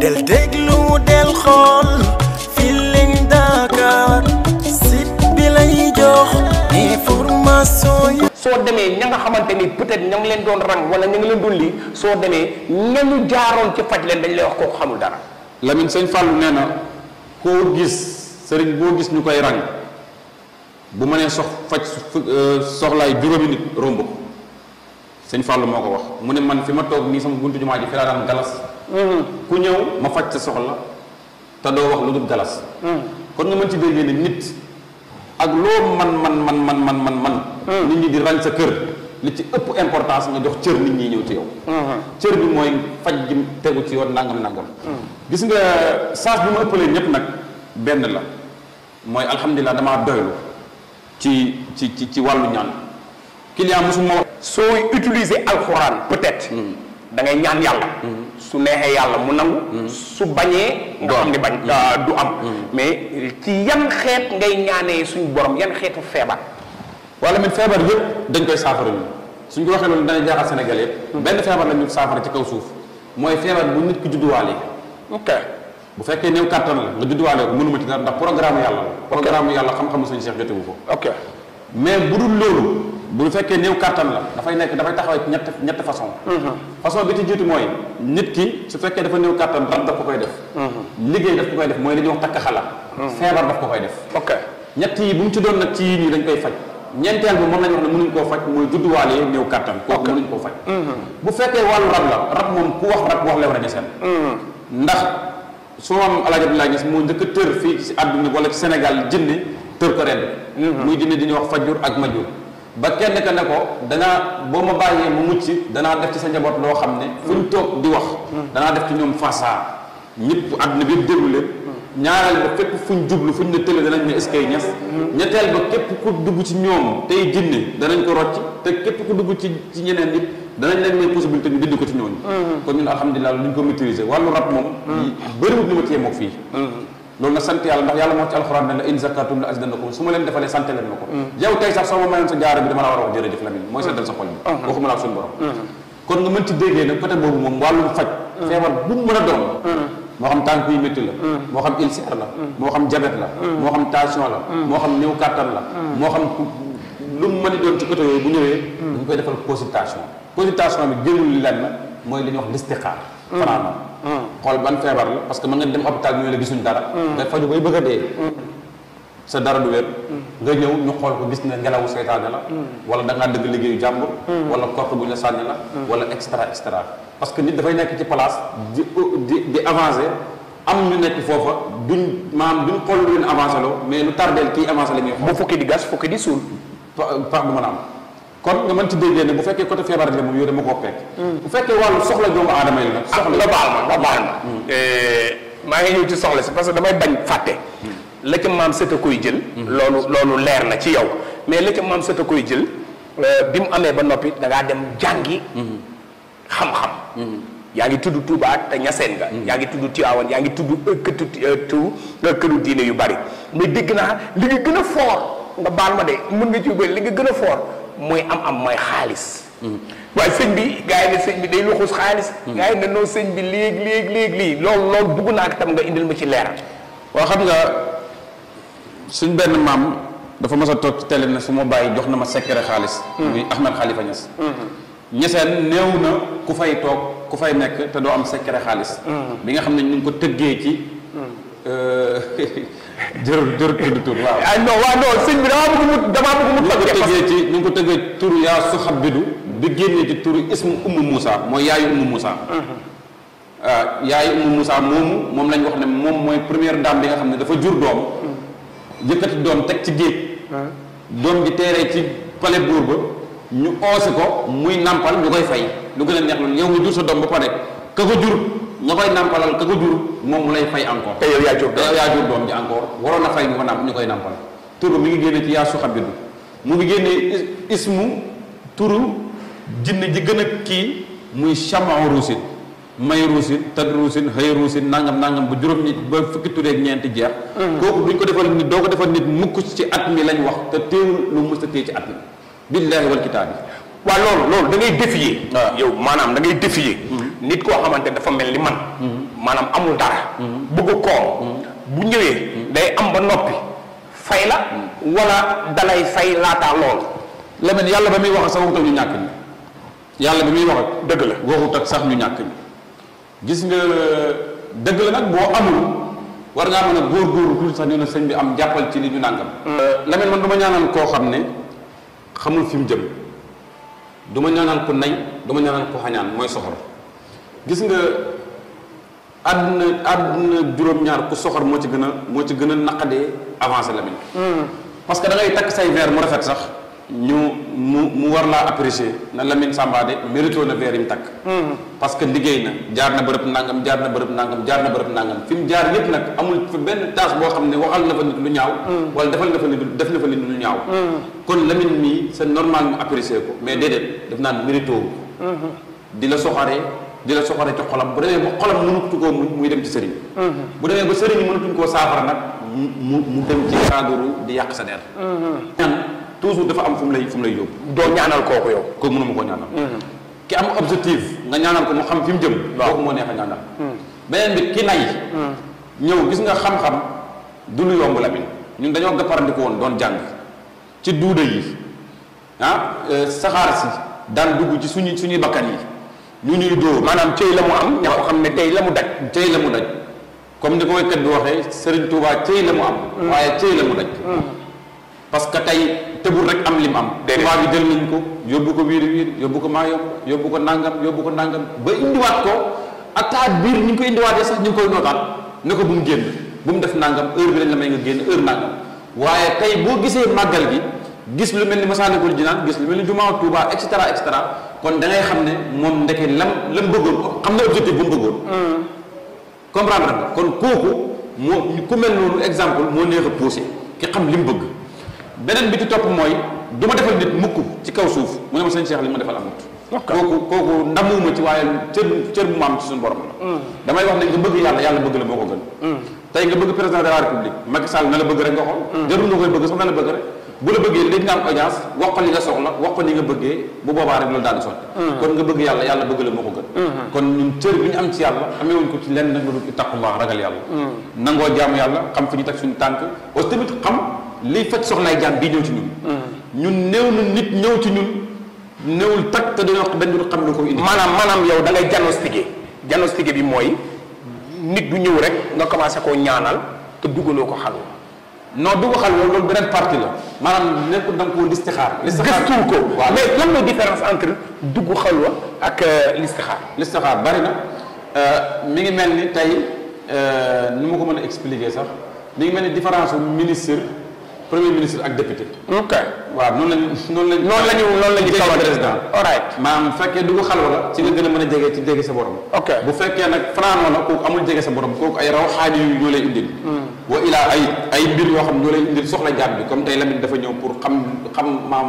del déglu del xool Feeling Dakar site bi lay jox information yi soo demee ña nga xamante ni peut-être ña ngi leen doon rang wala ña ngi leen doon lii soo demee ñañu jaaroon ci faj leen dañ lay wax kooku xamul dara Lamine sëñ Fallou nee na koo gis sëriñ boo gis ñu koy rang bu ma nee sox faj euh, soxlaay juróomi nit romb ko sëñ moo ko wax mu ne man fi ma toog nii sama buntu jumaa ji fi laa daan galas ku ñëw ma faj sa soxla te doo wax lu dul galas kon nga mën ci déggee ne nit ak loo man man man man man man man mm. nit ñi di rañ sa kër li ci ëpp importance nga jox cër nit ñi ñëw ci yow mm-hmm. cër bi mooy faj gi tegu ci yoon nangam nangam mm. gis nga saas bi ma ëppalee ñépp nag benn la mooy alhamdulilah damaa doylu ci ci ci wàllu ñaan client mosuma wax sooy utiliser alxuraan peut-être mm. da ngay ñaan yàlla. Mm-hmm. su neexee yàlla mu nangu. Mm-hmm. su bañee. nga xam ne bañ mm-hmm. ah, du am. mais ci yan xeet ngay ñaanee suñu borom yan xeetu feebar. wala mit feebar yëpp dañ koy saafara ñun suñ ko waxee loolu dana jaaxal Sénégal yëpp. benn feebar la ñu saafara ci kaw suuf mooy feebar bu nit ki judduwaale. ok bu fekkee néew kàttan la nga judduwaale ko mënuma ci dara ndax programme yàlla la. programme yàlla xam-xamu sëñ Cheikh jotewu ko. ok mais bu dul loolu. bu fekkee néew kàttan la dafay nekk dafay taxawee ci ñett ñett façon mhm. façon bi ci jiitu mooy nit ki su fekkee dafa néew kàttan rab daf ko koy def mhm. liggéey daf ko koy def mooy li ñuy wax takk xala mhm. feebar daf ko koy def ok ñett yi bu mu doon nag ci dañ koy faj ñeenteel bi moom lañu wax ne mënuñ koo faj mooy judduwaale néew kàttan kooku mënuñ koo faj bu fekkee wàllu rab la moom ku wax rab wax lew raña seen ndax su moom El Hadj Abdoulaye Niass moo njëkk tër fii ci àdduna wala ci Sénégal jinne tër ko rend muy jinne di ñuy wax fajur ak majur ba kenn ka ne ko danaa boo ma bàyyee mu mucc danaa def ci sa njaboot loo xam ne fuñ toog di wax danaa def ci ñoom fasaa ñëpp àdduna bi yëpp déglu leen ñaareel ba fépp fuñ jublu fuñ ne tële danañ ne eskay ñes ñetteel ba képp ku dugg ci ñoom tey jinne danañ ko rocc te képp ku dugg ci ci ñeneen nit danañ leen may possibilité ñu dindi ko ci ñooñu mm-hmm. kon ñun alhamdulilah luñ ko maîtriser wàllu rab moom mm-hmm. bëriwut ni ma cee mook fii mm-hmm. loolu na sant yàlla ndax yàlla moo ci alxuraan ne la in zakatum la azidannakum su ma leen defalee sant leen ma ko yow tey sax soo ma mayoon sa jaara bi dama la war a wax jërëjëf Lamine mooy uh-huh. la uh-huh. uh-huh. bu mu mën a doon moo xam tànk yu la moo xam ulcère la moo xam diabète la moo xam tension la moo xam néew kàttan la moo xam lu mu mën a doon ci côté yooyu bu ñëwee dañ koy defal consultation consultation bi gënul lenn mooy li wax listixaar fanaanoo xool ban feebar la parce que mën nga dem hôpital ñu la gisuñ dara hmm. nga faju bay bëgg dee hmm. sa dara du wér hmm. nga ñëw ñu xool ko gis ne ngelawu seytaane la wala da ngaa dëgg liggéeyu jàmbur wala korte bu ñu la sànni la wala extra extra parce que nit dafay nekk ci place di di di am ñu nekk foofa duñ maanaam duñ xool lu leen avancé loo mais lu tardeel kii avancé la ñuy xool bu fukki di gas fukki di suul pax du mën a am kon nga mën ci déggee ne bu fekkee côté feebar la moom yow dama koo fekk. Mm. bu fekkee wàllu soxla doomu aadama yi la. soxla ah, nga baal ma nga baal ma. Mm. Eh, maa ngi ñëw ci soxla si parce que damay bañ fàtte. Mm. la ca maam a koy jël. loolu loolu leer na ci yow mais la ca maam koy jël eh, bi mu amee ba noppi da ngaa dem jàngi. xam yaa ngi tudd Touba te ñaseen nga. yaa ngi tudd yaa ngi tudd eh, këtu këru diine yu bari mais dégg naa li nga gën a fort nga baal ma de mën nga ci li nga gën a fort. mooy am-am mooy xaalis. waaye sëñ bi gars yi ne sëñ bi day luxus xaalis. Mm. gars yi ne sëñ bi léegi léegi léegi lii lool loolu bugg naa tam nga indil ma ci leer. waaw xam nga suñ benn maam dafa mas a toog télé na su ma bàyyi jox na ma secret xaalis. Mm. muy Ahmed Khalifa Niass. Mm. ñeseen néew na ku fay toog ku fay nekk te doo am secret xaalis. bi nga xam ne ñu ngi ko tëggee ci. jërëjëf euh, jërëjëf tudd tur waaw. ah non waaw non sëñ bi damaa bëgg damaa bëgg mu tëggee. parce que ci ñu ngi ko tegee tur yaa su bi du bi génnee ci turu ismu ummu Moussa mooy yaayu ummu Moussa. Uh-huh. Ah, yaayu ummu Moussa moom lañu wax ne moom mooy première dame bi nga xam ne dafa jur doom. Uh-huh. yëkkati doom teg ci géej. Uh-huh. doom ji teeree ci palais buur ba ñu oose ko muy nampal ñu koy fay lu gën a neex loolu yow nga jur sa doom ba pare ka ko jur. ña koy nàmpalal ka ko jur moom mu lay fay encore. te yow yaa jur te yow yaa jur doom ji encore waroon a fay ñu ko nàmp ñu koy nàmpal turu mu ngi génne ci yaa suxa biddu mu ngi génne ismu turu jinn ji gën a kii muy chamao ruusin may ruusin tad ruusin xëy ruusin nangam nangam bu juróom ñi ba fukki tureeg ñeenti jeex mm-hmm. kooku duñ ko defal nit doo ko defal nit mukk ci at mi lañu wax te téewul lu mës a ci at mi billaahi wal kitaabi waa loolu loolu da ngay défier yow maanaam da ngay défier mm-hmm. nit koo xamante dafa mel ni man mm-hmm. maanaam amul dara mm-hmm. bëgg koom mm-hmm. bu ñëwee day am ba noppi fay la wala dalay fay laataa loolu lemen yàlla ba muy wax sax waxut ak ñu ñàkk ñi yàlla ba muy wax dëgg la waxut ak sax ñu ñàkk ñi gis nga dëgg la nag boo amul war ngaa mën a góorgóorlu tuuti sax ñu ne sëñ bi am jàppal ci li ñu nàngam mm. lemen man du ma koo xam ne xamul fi mu jëm du ma ñaanal ko nay du ma ñaanal xañaan mooy soxor gis nga àdduna àdduna juróom-ñaar ku soxor moo ci gën a moo ci gën a naqadee avance la hmm. parce que da ngay takk say verre mu rafet sax ñu mu mu war laa apprécier na Lamine Samba de mérito na verre yi mu takk. Hmm. parce que liggéey na jaar na bërëb nangam jaar na bërëb nangam jaar na bërëb nangam fi mu jaar yëpp nag amul fa benn tâche boo xam ne waxal na fa nit lu ñaaw. Hmm. wala defal na fa nit def na fa nit lu ñaaw. kon Lamine mii c'est normal mu apprécier ko mais déedéet daf naan mérito di la soxaree. di la soxore ci xolam bu demee ba xolam mënutu koo muy dem ci sëriñ mm-hmm. bu demee ba sëriñ mënatuñ koo saafara nag mu mu dem ci cadre di yàq sa der mm-hmm. ñaan toujours dafa am fu mu lay fu mu lay yóbbu doo ñaanal kooku yow kooku mënuma koo ñaanal mm-hmm. ki am objectif nga ñaanal ko mu xam fi mu jëm kooku moo neex a ñaanal mm. beneen bi ki nay mm. ñëw gis nga xam-xam du lu yomb la bi ñun dañoo gapparandiku woon doon jàng ci duuda yi ah euh, saxaar si daan dugg ci suñuy suñuy bakkan yi ñu ñuy dóor maanaam céy la mu am ña ko xam ne tey la mu daj cey la mu daj comme ni ko waykat bi waxee Serigne Touba cey la mu am mm. waaye cey la mu daj mm. parce que tey tëbul rek am li mu am Touba bi jël nañ ko yóbbu ko wiiri wiiri yóbbu ko maa yomb yóbbu ko nangam yóbbu ko nangam ba indiwaat ko ak taat biir ñu ngi koy indiwaatee sax ñu ngi koy nootaat ne ko bu mu génn bu mu def nangam heure bi lañ la may nga génn heure nangam waaye tey boo gisee màggal gi gis lu mel ni Masaalikul Jinaan gis lu mel ni jumaa Touba et cetera kon da xam ne moom ndeke la lam bëggoon ko xam na objectif bu mu bëggoon. Mm. comprendre nga kon kooku moo ku mel noonu exemple moo neex a poussé ki xam li mu bëgg beneen bi ci topp mooy du ma defal mukk ci kaw suuf mu ne ma sëñ Cheikh li ma defal amut. kooku kooku ndamuwuma ci waaye cër cër mu am ci suñ borom la. Mm. damay wax ne nga bëgg yàlla yàlla bëgg la moo ko gën. Mm. tey nga bëgg président de la république mag Sall na la bëgg rek nga xool. jarul nga koy bëgg sax na la bëgg rek. bu la bëggee dañ nga am audience wax ko li nga soxla wax ko li nga bëggee bu boobaa rek loolu daal di sotti mm. kon nga bëgg yàlla yàlla bëgg la moo ko gën mm-hmm. kon ñun cër bi ñu am ci yàlla ameewuñ ko ci lenn nag lu dul taqwa ragal yàlla mm. nangoo xam fi ñu teg suñu tànk aussi tamit xam liy faj soxlaay jaam bii ñëw ci ñun mm. ñun néew nit ñëw ci ñun néewul tak te dañoo dañ dul ko indi maanaam maanaam yow da ngay diagnostiqué diagnostiqué bi mooy nit du ñëw rek nga commencé koo ñaanal te duggaloo ko xalwa non dugg xal loolu loolu beneen partie la maanaam nekkul da nga koo listixaar. listixaar gëstuwul ko. waaw mais lan mooy différence entre dugg xalwa ak euh, listixaar. listixaar bari na euh, mi ngi mel ni tey euh, nu mu ko mën a expliquer sax mi ngi mel ni différence ministre. premier ministre ak député. ok waaw noonu lañ noonu lañ. noonu lañu noonu lañu kawal président all right maanaam fekkee du ko xalwa la ci a mën a jege sa borom. ok bu fekkee nag franc la kooku amul jege sa borom kooku ay raw xaaju yu ñoo lay indil. Hmm. wa ilaa ay ay mbir yoo xam ñoo lay indil soxla jaam bi comme tey Lamine dafa ñëw pour xam xam maam.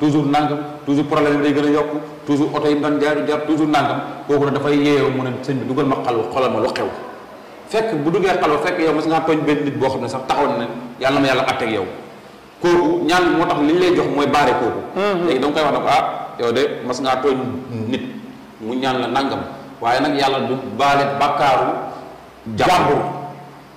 toujours nangam toujours problème bi day gën a yokku toujours oto yi mu doon jaar jaar toujours kooku nag dafay yeewoo mu ne sëñ bi dugal ma xalwa xoolal ma lu xew fekk bu duggee xalwa fekk yow mas ngaa tooñ benn nit boo xam ne sax taxaw na ne yàlla ma yàlla atteeg yow kooku ñaan moo tax li lay jox mooy baare kooku léegi da koy wax ne ko ah yow de mas ngaa tooñ nit mu ñaan la nangam waaye nag yàlla du baale bàkkaaru jàmbur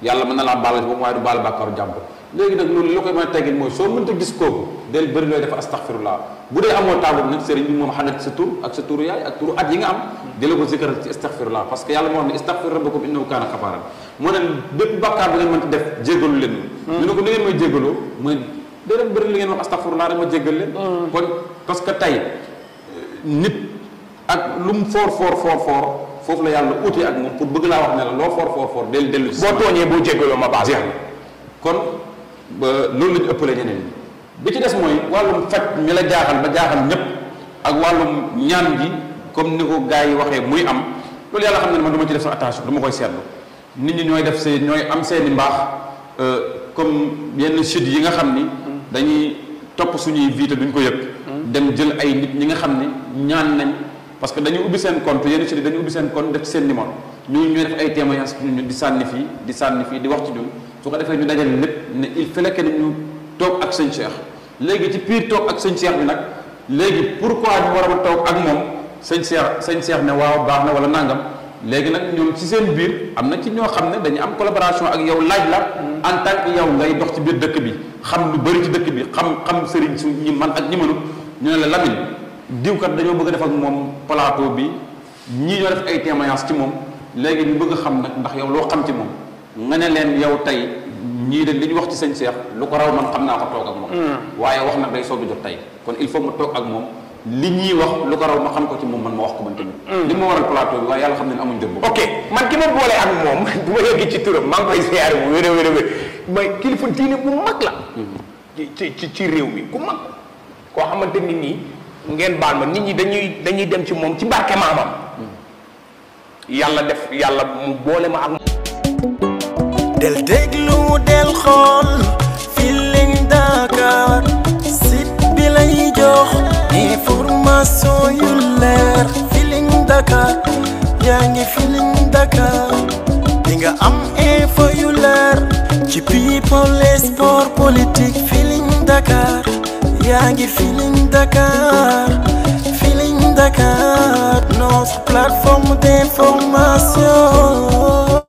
yàlla mën na laa baale boobu waaye du baale bàkkaaru jàmbur léegi nag loolu li koy mën a teggin mooy soo mënta gis kooku del bëri looy def astaghfirullah bu dee amoo taamu nag sëriñ bi moom xanaa sa tur ak sa turu yaay ak turu at yi nga am di la ko zikkaral ci astaghfirullah parce yàlla moo xam ne astaghfir rabbakum innahu moo ne bépp bàkkaar bi ngeen leen hmm. ñu ne ko ni ngeen mooy jéggaloo mooy dee leen ma jéggal hmm. parce que tey nit ak lu foor foor foor foofu la yàlla uti ak moom pour bëgg laa wax ne la loo foor foor foor dell dellu boo tooñee boo jéggaloo ma baax jeex kon loolu lañu ëppale ñeneen ñi bi ci des mooy wàllum faj mi la jaaxal ba jaaxal ñépp ak wàllum ñaan gi comme ni ko gars yi waxee muy am loolu yàlla xam ne man du ma ci def sa attention du ma koy seetlu nit ñi ñooy def seen ñooy am seeni mbaax euh, comme yenn chute yi nga xam ni dañuy topp suñuy vie te duñ ko yëg dem jël ay nit ñi nga xam ne ñaan nañ parce que dañuy ubbi seen compte yenn chute yi dañuy seen compte def seen numéro ñu ñuy def ay témoignages ñu di sànni fii di sànni fii di wax ci ñun su ko defee ñu dajale lépp ne il fallait que ñu toog ak seen cheikh léegi ci piir toog ak sëñ Cheikh bi nag léegi pour pourquoi ñu war a toog ak moom sëñ Cheikh sëñ Cheikh ne waaw baax na wala nàngam léegi nag ñoom ci seen biir am na ci ñoo xam ne dañu am collaboration ak yow laaj la en tant yow ngay dox ci biir dëkk bi xam lu bëri ci dëkk bi xam xam sëriñ su ñi man ak ñi mënut ñu ne la Lamine diwkat dañoo bëgg a def ak moom plateau bi ñii ñoo def ay témoignage ci moom léegi ñu bëgg a xam nag ndax yow loo xam ci moom nga ne leen yow tey ñii de li ñu wax ci sëñ Cheikh lu ko raw man xam naa ko toog ak moom hmm. waaye wax nag day soog jot tey kon il faut ma toog ak moom li ñuy wax lu ko raw ma xam ko ci moom man ma wax ko man tamit hmm. ma waral plateau bi waaye yàlla xam ne ne ki ma boole ak moom bu ma yegg ci turam maa ngi koy siyaare bu wér a wér a wér mais kilifa diine bu mag la hmm. ci ci ci réew mi ku mag koo xamante nit nii ngeen baal ma nit ñi dañuy dañuy dem ci moom ci barke maamam yàlla def yàlla mu boole ma ak del déglu del xool Feeling Dakar site bi lay jox yu leer Feeling Dakar yaa ngi Feeling Dakar nga am info yu leer ci people et sport politique Feeling Dakar yaa ngi Feeling Dakar